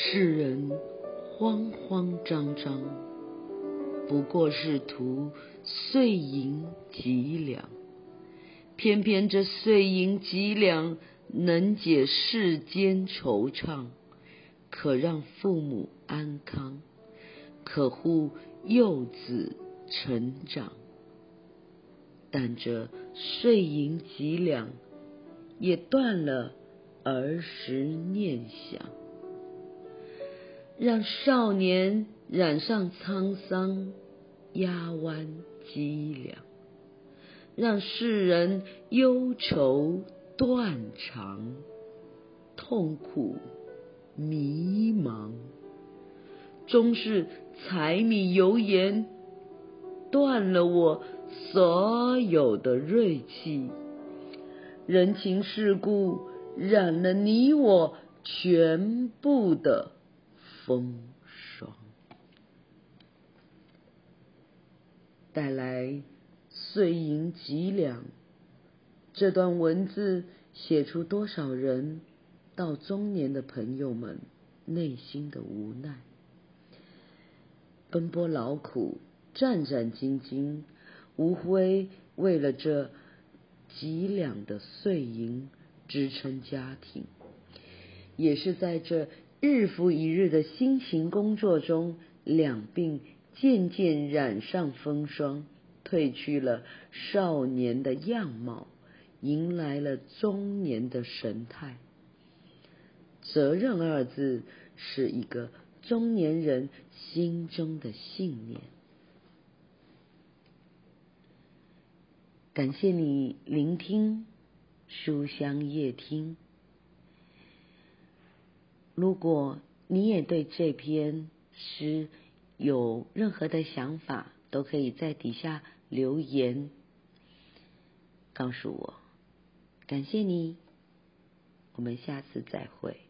世人慌慌張張，不過是圖碎銀幾兩。偏偏這碎銀幾兩能解世間惆悵，可讓父母安康，可護幼子成長。但這碎銀幾兩，也斷了兒時念想。讓少年染上滄桑，壓彎脊樑；讓世人憂愁斷腸，痛苦迷茫。終是柴米油鹽斷了我所有的銳氣，人情世故染了你我全部的風霜，帶來碎銀幾兩。這段文字寫出多少人到中年的朋友們內心的無奈，奔波勞苦，戰戰兢兢，無非為了這幾兩的碎銀支撐家庭，也是在這。日復一日的辛勤工作中，兩鬢漸漸染上風霜，褪去了少年的樣貌，迎來了中年的神態。責任二字，是一個中年人心中的信念。感謝你聆聽書香夜聽。如果你也對這篇詩有任何的想法，都可以在底下留言告訴我。感謝你，我們下次再會。